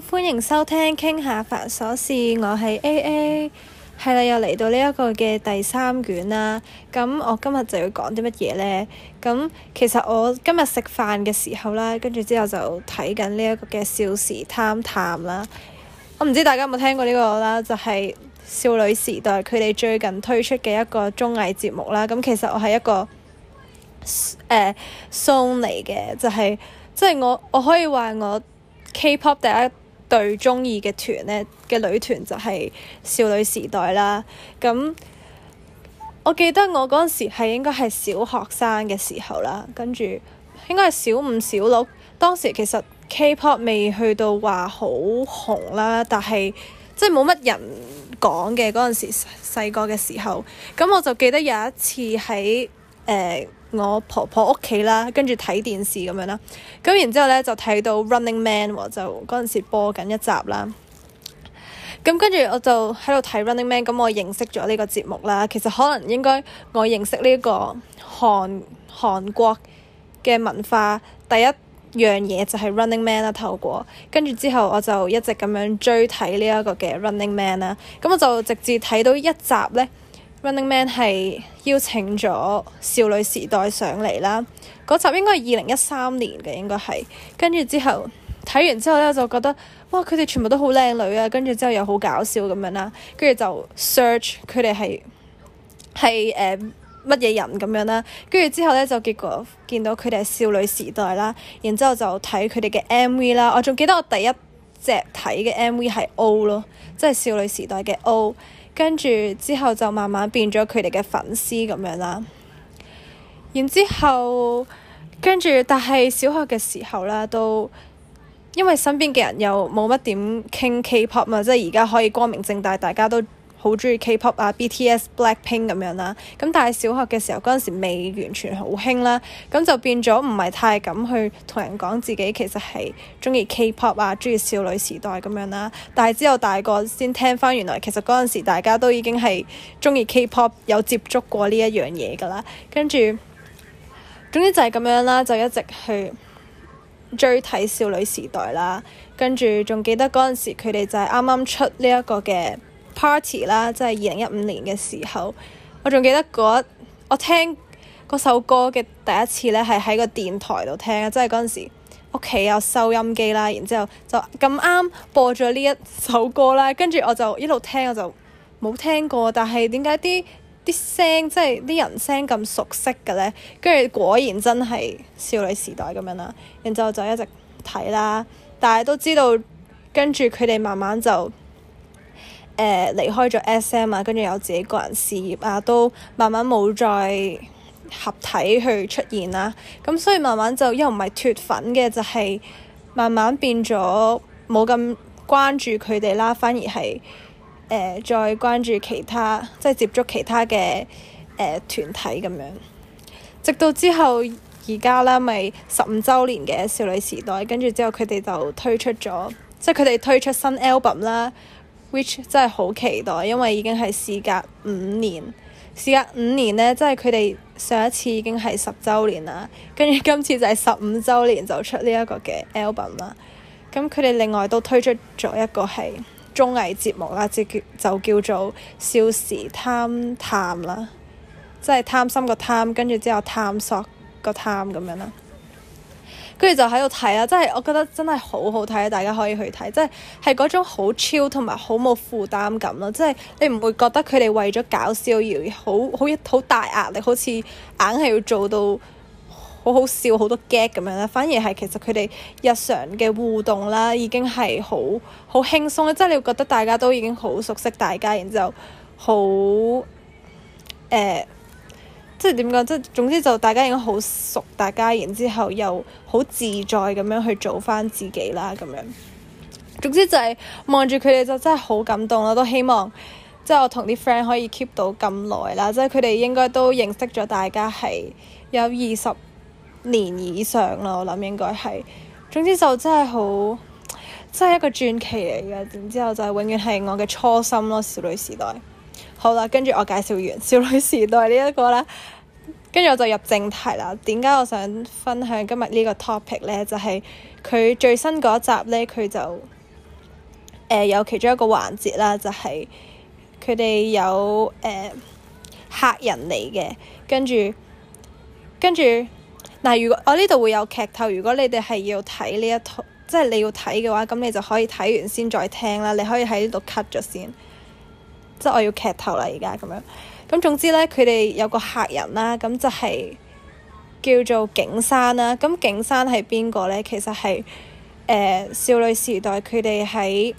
歡迎收聽傾下煩瑣事，我係 A A 係啦，又嚟到呢一個嘅第三卷啦。咁、嗯、我今日就要講啲乜嘢呢？咁、嗯、其實我今日食飯嘅時候啦，跟住之後就睇緊呢一個嘅《少時探探》啦。我唔知大家有冇聽過呢、這個啦，就係、是、少女時代佢哋最近推出嘅一個綜藝節目啦。咁、嗯、其實我係一個誒松嚟嘅，就係即係我我可以話我 K pop 第一。對中意嘅團呢，嘅女團就係少女時代啦，咁我記得我嗰陣時係應該係小學生嘅時候啦，跟住應該係小五小六，當時其實 K-pop 未去到話好紅啦，但係即係冇乜人講嘅嗰陣時細個嘅時候，咁我就記得有一次喺誒，呃我婆婆屋企啦，跟住睇電視咁樣啦，咁然之後咧就睇到 Running Man 喎，就嗰陣時播緊一集啦。咁跟住我就喺度睇 Running Man，咁我認識咗呢個節目啦。其實可能應該我認識呢個韓韓國嘅文化第一樣嘢就係 Running Man 啦。透過跟住之後，我就一直咁樣追睇呢一個嘅 Running Man 啦。咁我就直接睇到一集咧。Running Man 係邀請咗少女時代上嚟啦，嗰集應該係二零一三年嘅應該係，跟住之後睇完之後咧就覺得哇，佢哋全部都好靚女啊，跟住之後又好搞笑咁樣啦，跟住就 search 佢哋係係誒乜嘢人咁樣啦，跟住之後咧就結果見到佢哋係少女時代啦，然之後就睇佢哋嘅 MV 啦，我仲記得我第一隻睇嘅 MV 係 O 咯，即係少女時代嘅 O。跟住之後就慢慢變咗佢哋嘅粉絲咁樣啦，然之後跟住，但係小學嘅時候啦，都因為身邊嘅人又冇乜點傾 K-pop 嘛，即係而家可以光明正大，大家都。好中意 K-pop 啊，BTS、Blackpink 咁樣啦。咁但係小學嘅時候嗰陣時未完全好興啦，咁就變咗唔係太敢去同人講自己其實係中意 K-pop 啊，中意少女時代咁樣啦。但係之後大個先聽翻，原來其實嗰陣時大家都已經係中意 K-pop 有接觸過呢一樣嘢㗎啦。跟住總之就係咁樣啦，就一直去追睇少女時代啦。跟住仲記得嗰陣時佢哋就係啱啱出呢一個嘅。Party 啦，即係二零一五年嘅時候，我仲記得嗰我聽嗰首歌嘅第一次咧，係喺個電台度聽啊，即係嗰陣時屋企有收音機啦，然之後就咁啱播咗呢一首歌啦，跟住我就一路聽，我就冇聽過，但係點解啲啲聲即係啲人聲咁熟悉嘅咧？跟住果然真係少女時代咁樣啦，然後就一直睇啦，但係都知道跟住佢哋慢慢就。誒、呃、離開咗 SM 啊，跟住有自己個人事業啊，都慢慢冇再合體去出現啦、啊。咁、嗯、所以慢慢就因為唔係脫粉嘅，就係、是、慢慢變咗冇咁關注佢哋啦，反而係誒、呃、再關注其他，即、就、係、是、接觸其他嘅誒、呃、團體咁樣。直到之後而家啦，咪十五週年嘅少女時代，跟住之後佢哋就推出咗，即係佢哋推出新 album 啦。which 真係好期待，因為已經係事隔五年，事隔五年呢，即係佢哋上一次已經係十週年啦，跟住今次就係十五週年就出呢一個嘅 album 啦。咁佢哋另外都推出咗一個係綜藝節目啦，就叫做《少時貪探》啦，即係貪心個貪，跟住之後探索個探咁樣啦。跟住就喺度睇啦，真係我覺得真係好好睇，大家可以去睇，即係係嗰種好 chill 同埋好冇負擔感咯，即係你唔會覺得佢哋為咗搞笑而好好好大壓力，好似硬係要做到好好笑好多 gag 咁樣咧，反而係其實佢哋日常嘅互動啦，已經係好好輕鬆咧，即係你會覺得大家都已經好熟悉大家，然後就好誒。呃即係點講，即係總之就大家已經好熟，大家然之後又好自在咁樣去做翻自己啦，咁樣。總之就係望住佢哋就真係好感動咯，都希望即係、就是、我同啲 friend 可以 keep 到咁耐啦。即係佢哋應該都認識咗大家係有二十年以上啦，我諗應該係。總之就真係好，真係一個傳奇嚟嘅。總之就係永遠係我嘅初心咯，少女時代。好啦，跟住我介紹完少女時代呢一個啦，跟住我就入正題啦。點解我想分享今日呢個 topic 咧？就係、是、佢最新嗰集咧，佢就誒、呃、有其中一個環節啦，就係佢哋有誒、呃、客人嚟嘅，跟住跟住嗱，如果我呢度會有劇透，如果你哋係要睇呢一套，即係你要睇嘅話，咁你就可以睇完先再、再聽啦。你可以喺呢度 cut 咗先。即係我要劇頭啦，而家咁樣。咁總之呢，佢哋有個客人啦，咁就係叫做景山啦。咁景山係邊個呢？其實係誒、呃、少女時代佢哋喺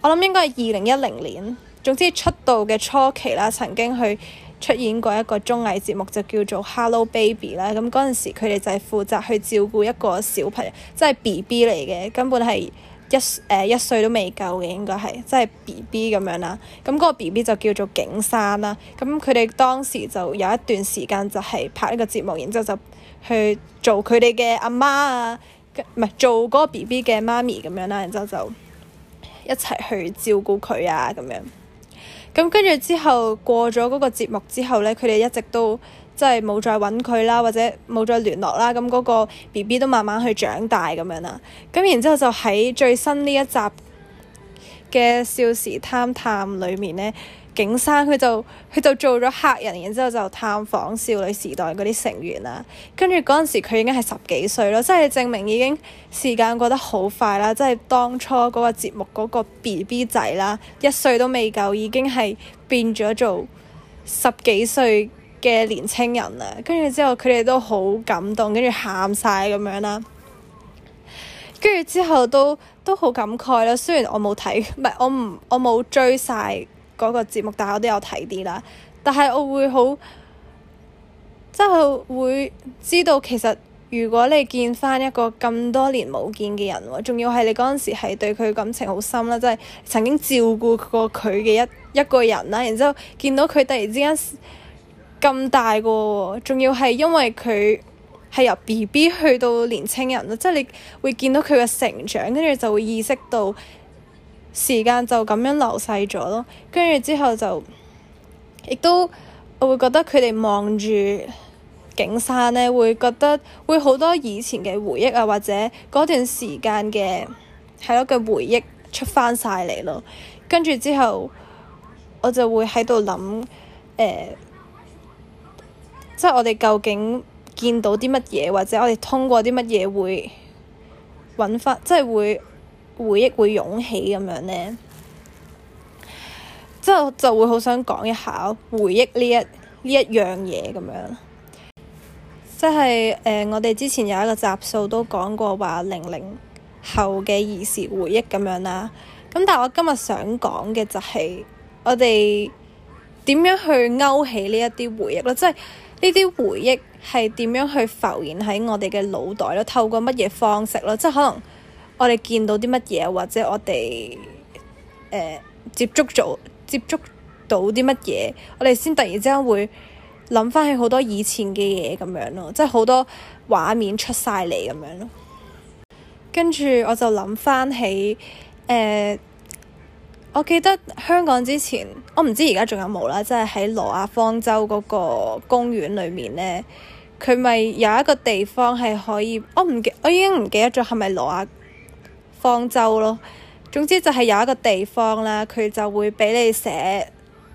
我諗應該係二零一零年。總之出道嘅初期啦，曾經去出演過一個綜藝節目，就叫做《Hello Baby》啦。咁嗰陣時佢哋就係負責去照顧一個小朋友，即係 BB 嚟嘅，根本係。一誒、呃、一歲都未夠嘅，應該係即係 B B 咁樣啦，咁、嗯、嗰、嗰個 B B 就叫做景山啦。咁佢哋當時就有一段時間就係拍呢個節目，然之後就去做佢哋嘅阿媽啊，唔、嗯、係做嗰個 B B 嘅媽咪咁樣啦，然之後就一齊去照顧佢啊咁樣。咁跟住之後過咗嗰個節目之後咧，佢哋一直都，即係冇再揾佢啦，或者冇再聯絡啦。咁嗰個 BB 都慢慢去長大咁樣啦。咁然之後就喺最新呢一集嘅《少時探探》裏面呢，景生佢就佢就做咗客人，然之後就探訪少女時代嗰啲成員啦。跟住嗰陣時佢已經係十幾歲咯，即係證明已經時間過得好快啦。即係當初嗰個節目嗰個 BB 仔啦，一歲都未夠，已經係變咗做十幾歲。嘅年青人啊，跟住之後佢哋都好感動，跟住喊晒咁樣啦。跟住之後都都好感慨啦。雖然我冇睇，唔係我唔我冇追晒嗰個節目，但係我都有睇啲啦。但係我會好，即係會知道，其實如果你見翻一個咁多年冇見嘅人，仲要係你嗰陣時係對佢感情好深啦，即係曾經照顧過佢嘅一一個人啦。然之後見到佢突然之間。咁大個、哦，仲要係因為佢係由 BB 去到年青人咯，即係你會見到佢嘅成長，跟住就會意識到時間就咁樣流逝咗咯。跟住之後就亦都我會覺得佢哋望住景山咧，會覺得會好多以前嘅回憶啊，或者嗰段時間嘅係咯嘅回憶出返晒嚟咯。跟住之後我就會喺度諗誒。呃即係我哋究竟見到啲乜嘢，或者我哋通過啲乜嘢會揾翻，即係會回憶會湧起咁樣呢？即係就會好想講一下回憶呢一呢一樣嘢咁樣。即係誒、呃，我哋之前有一個集數都講過話零零後嘅兒時回憶咁樣啦。咁但係我今日想講嘅就係我哋點樣去勾起呢一啲回憶啦，即係。呢啲回憶係點樣去浮現喺我哋嘅腦袋咯？透過乜嘢方式咯？即係可能我哋見到啲乜嘢，或者我哋、呃、接觸到接觸到啲乜嘢，我哋先突然之間會諗翻起好多以前嘅嘢咁樣咯，即係好多畫面出晒嚟咁樣咯。跟住我就諗翻起誒。呃我記得香港之前，我唔知而家仲有冇啦，即係喺挪亞方舟嗰個公園裏面咧，佢咪有一個地方係可以，我唔記，我已經唔記得咗係咪挪亞方舟咯。總之就係有一個地方啦，佢就會俾你寫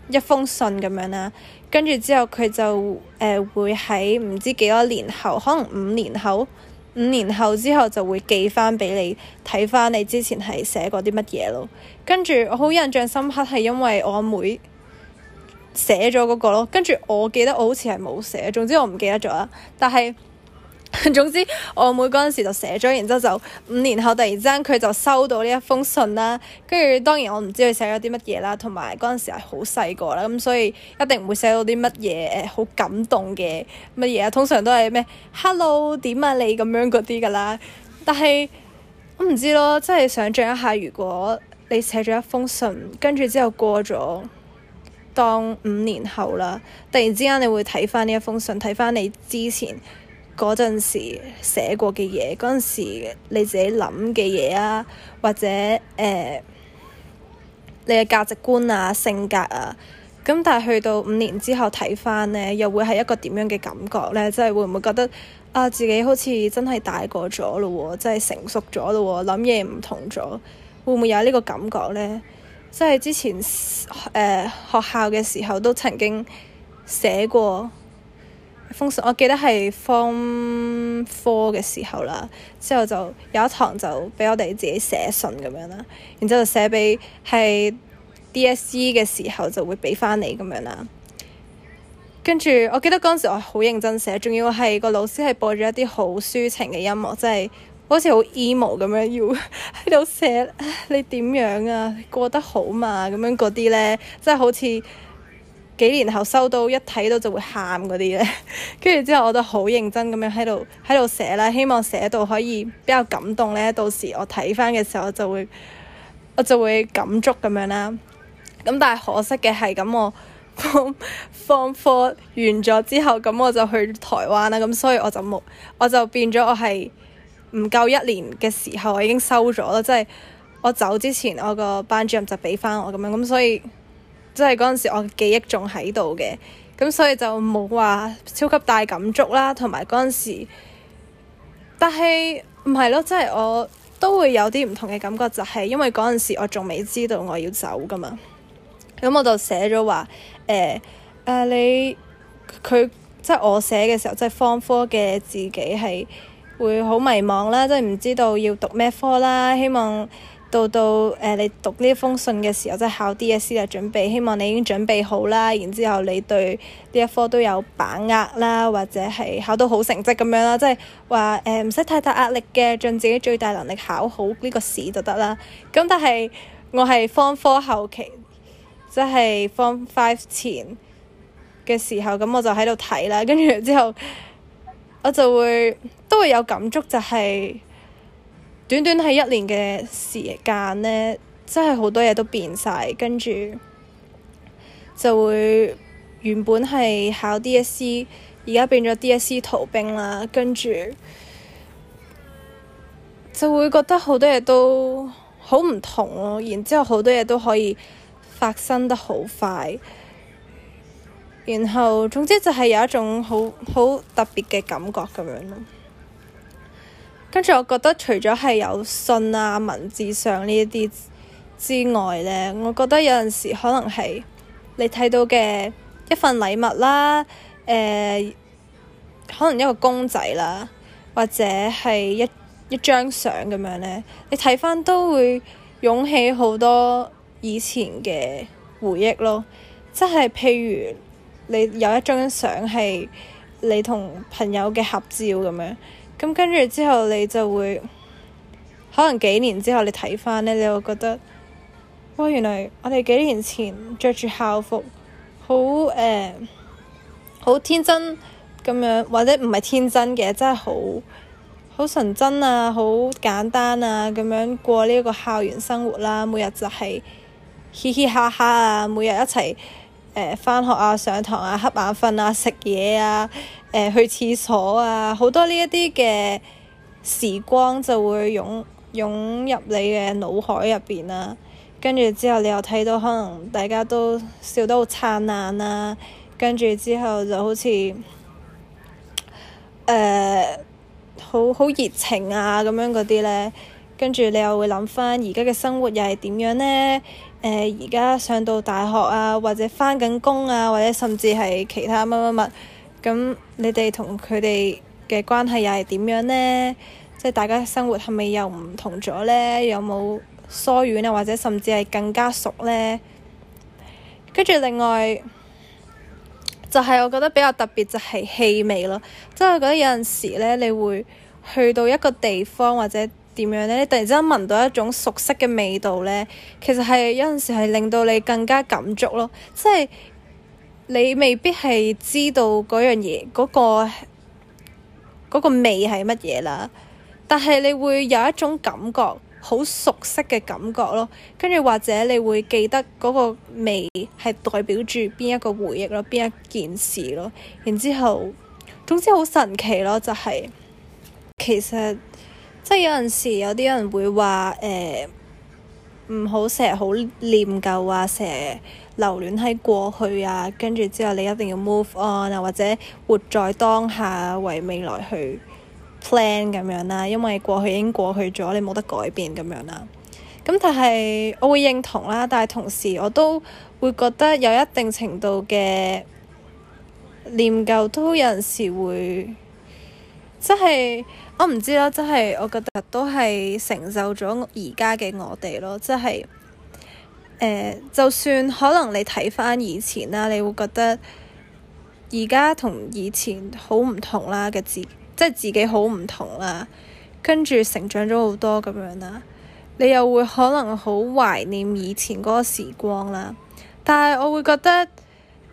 一封信咁樣啦，跟住之後佢就誒、呃、會喺唔知幾多年後，可能五年後。五年後之後就會寄翻畀你，睇翻你之前係寫過啲乜嘢咯，跟住我好印象深刻係因為我阿妹寫咗嗰個咯，跟住我記得我好似係冇寫，總之我唔記得咗啦，但係。總之，我妹嗰陣時就寫咗，然之後就五年後，突然之間佢就收到呢一封信啦。跟住當然我唔知佢寫咗啲乜嘢啦，同埋嗰陣時係好細個啦，咁所以一定唔會寫到啲乜嘢誒，好、欸、感動嘅乜嘢啊。通常都係咩，hello 點啊你咁樣嗰啲噶啦。但係我唔知咯，即係想象一下，如果你寫咗一封信，跟住之後過咗當五年後啦，突然之間你會睇翻呢一封信，睇翻你之前。嗰陣時寫過嘅嘢，嗰陣時你自己諗嘅嘢啊，或者誒你嘅價值觀啊、性格啊，咁但係去到五年之後睇翻呢，又會係一個點樣嘅感覺咧？即係會唔會覺得啊，自己好似真係大個咗咯喎，真係成熟咗咯喎，諗嘢唔同咗，會唔會有呢個感覺咧？即係之前誒學校嘅時候都曾經寫過。封信，我記得係 form four 嘅時候啦，之後就有一堂就俾我哋自己寫信咁樣啦，然之後就寫俾係 DSE 嘅時候就會俾翻你咁樣啦。跟住我記得嗰陣時我好認真寫，仲要係個老師係播咗一啲好抒情嘅音樂，即係好似好 emo 咁樣要，要喺度寫你點樣啊，過得好嘛咁樣嗰啲咧，即係好似。幾年後收到一睇到就會喊嗰啲咧，跟 住之後我都好認真咁樣喺度喺度寫啦，希望寫到可以比較感動咧。到時我睇翻嘅時候我，我就會我就會感觸咁樣啦。咁但係可惜嘅係咁，我放放 課完咗之後，咁我就去台灣啦。咁所以我就冇，我就變咗我係唔夠一年嘅時候，我已經收咗咯。即係我走之前，我個班主任就俾翻我咁樣，咁所以。即係嗰陣時，我記憶仲喺度嘅，咁所以就冇話超級大感觸啦，同埋嗰陣時，但係唔係咯？即係我都會有啲唔同嘅感覺，就係、是、因為嗰陣時我仲未知道我要走㗎嘛，咁我就寫咗話，誒、欸、誒、呃、你佢即係我寫嘅時候，即係方科嘅自己係會好迷茫啦，即係唔知道要讀咩科啦，希望。到到，誒、呃、你讀呢封信嘅時候，即係考 DSE 啊準備，希望你已經準備好啦，然之後你對呢一科都有把握啦，或者係考到好成績咁樣啦，即係話誒，唔使太大壓力嘅，盡自己最大能力考好呢個試就得啦。咁但係我係 form four 後期，即係 form five 前嘅時候，咁我就喺度睇啦，跟住之後我就會都會有感觸就係、是。短短係一年嘅時間呢，真係好多嘢都變晒，跟住就會原本係考 DSE，而家變咗 DSE 逃兵啦，跟住就會覺得好多嘢都好唔同咯。然之後好多嘢都可以發生得好快，然後總之就係有一種好好特別嘅感覺咁樣咯。跟住，我覺得除咗係有信啊、文字上呢一啲之外咧，我覺得有陣時可能係你睇到嘅一份禮物啦，誒、呃，可能一個公仔啦，或者係一一張相咁樣咧，你睇返都會湧起好多以前嘅回憶咯。即係譬如你有一張相係你同朋友嘅合照咁樣。咁跟住之後，你就會可能幾年之後，你睇翻呢，你又覺得哇！原來我哋幾年前着住校服，好誒，好、呃、天真咁樣，或者唔係天真嘅，真係好好純真啊，好簡單啊，咁樣過呢個校園生活啦。每日就係嘻嘻哈哈啊，每日一齊。誒返、呃、學啊，上堂啊，瞌眼瞓啊，食嘢啊，誒、呃、去廁所啊，好多呢一啲嘅時光就會湧湧入你嘅腦海入邊啦。跟住之後，你又睇到可能大家都笑得好燦爛啊。跟住之後就好似誒好好熱情啊，咁樣嗰啲咧。跟住你又會諗翻而家嘅生活又係點樣呢？誒、呃，而家上到大學啊，或者返緊工啊，或者甚至係其他乜乜乜，咁你哋同佢哋嘅關係又係點樣呢？即係大家生活係咪又唔同咗呢？有冇疏遠啊，或者甚至係更加熟呢？跟住另外，就係、是、我覺得比較特別就係氣味咯，即係我覺得有陣時咧，你會去到一個地方或者。點樣呢？你突然之間聞到一種熟悉嘅味道呢？其實係有陣時係令到你更加感觸咯。即係你未必係知道嗰樣嘢，嗰、嗰個、嗰個味係乜嘢啦，但係你會有一種感覺，好熟悉嘅感覺咯。跟住或者你會記得嗰個味係代表住邊一個回憶咯，邊一件事咯。然之後，總之好神奇咯，就係、係、其實。即係有陣時有啲人會話誒，唔好成日好念舊啊，成日留戀喺過去啊，跟住之後你一定要 move on 啊，或者活在當下為未來去 plan 咁樣啦、啊，因為過去已經過去咗，你冇得改變咁樣啦、啊。咁但係我會認同啦，但係同時我都會覺得有一定程度嘅念舊都有陣時會即係。我唔知啦，即係我覺得都係成就咗而家嘅我哋咯，即係誒，就算可能你睇翻以前啦，你會覺得而家同以前好唔同啦嘅自己，即係自己好唔同啦，跟住成長咗好多咁樣啦，你又會可能好懷念以前嗰個時光啦，但係我會覺得誒，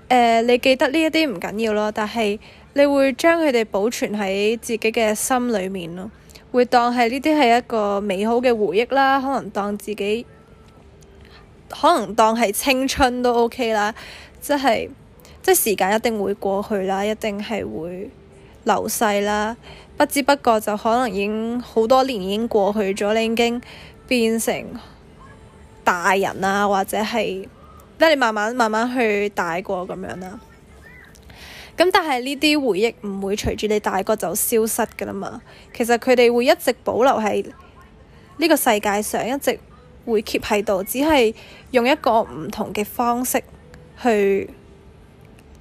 呃，你記得呢一啲唔緊要咯，但係。你會將佢哋保存喺自己嘅心裏面咯，會當係呢啲係一個美好嘅回憶啦，可能當自己，可能當係青春都 OK 啦，即係即係時間一定會過去啦，一定係會流逝啦，不知不覺就可能已經好多年已經過去咗，你已經變成大人啊，或者係即係你慢慢慢慢去大過咁樣啦。咁但係呢啲回憶唔會隨住你大個就消失㗎喇嘛。其實佢哋會一直保留喺呢個世界上，一直會 keep 喺度，只係用一個唔同嘅方式去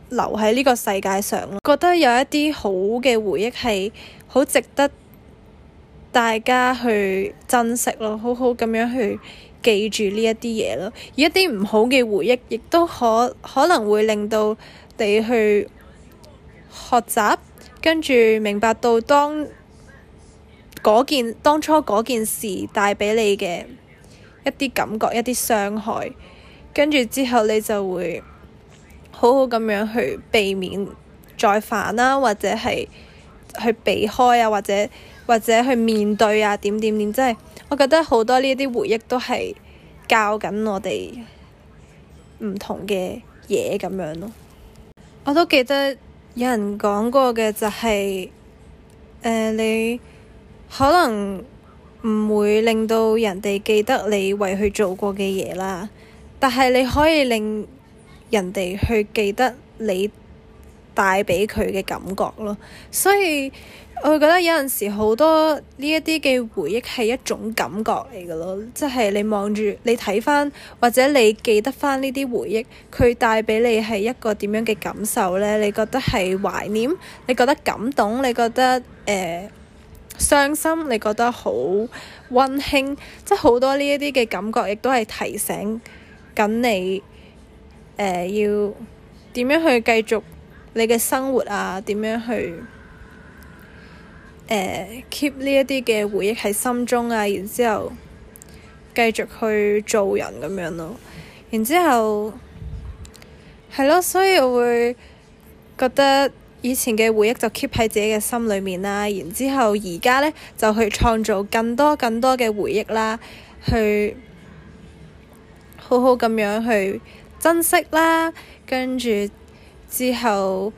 留喺呢個世界上咯。覺得有一啲好嘅回憶係好值得大家去珍惜咯，好好咁樣去記住呢一啲嘢咯。而一啲唔好嘅回憶，亦都可可能會令到你去，學習，跟住明白到當嗰件當初嗰件事帶畀你嘅一啲感覺，一啲傷害，跟住之後你就會好好咁樣去避免再犯啦，或者係去避開啊，或者或者去面對啊，點點點。即係我覺得好多呢啲回憶都係教緊我哋唔同嘅嘢咁樣咯。我都記得。有人講過嘅就係，誒，你可能唔會令到人哋記得你為佢做過嘅嘢啦，但係你可以令人哋去記得你，帶畀佢嘅感覺咯，所以我覺得有陣時好多呢一啲嘅回憶係一種感覺嚟嘅咯，即係你望住你睇翻或者你記得翻呢啲回憶，佢帶畀你係一個點樣嘅感受呢？你覺得係懷念？你覺得感動？你覺得誒、呃、傷心？你覺得好溫馨？即係好多呢一啲嘅感覺，亦都係提醒緊你誒、呃、要點樣去繼續。你嘅生活啊，點樣去誒 keep 呢一啲嘅回憶喺心中啊？然之後繼續去做人咁樣咯、啊。然之後係咯，所以我會覺得以前嘅回憶就 keep 喺自己嘅心裏面啦、啊。然之後而家咧就去創造更多更多嘅回憶啦，去好好咁樣去珍惜啦，跟住。之後、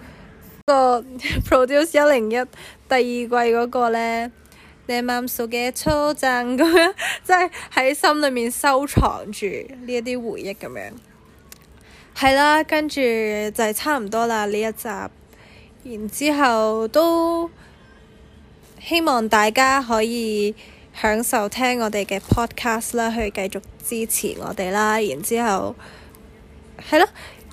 嗰個 produce 一零一第二季嗰個呢， 你啱啱所嘅初陣咁樣，即係喺心裏面收藏住呢一啲回憶咁樣。係啦，跟住就係差唔多啦呢一集，然之後都希望大家可以享受聽我哋嘅 podcast 啦，去繼續支持我哋啦，然之後係囉。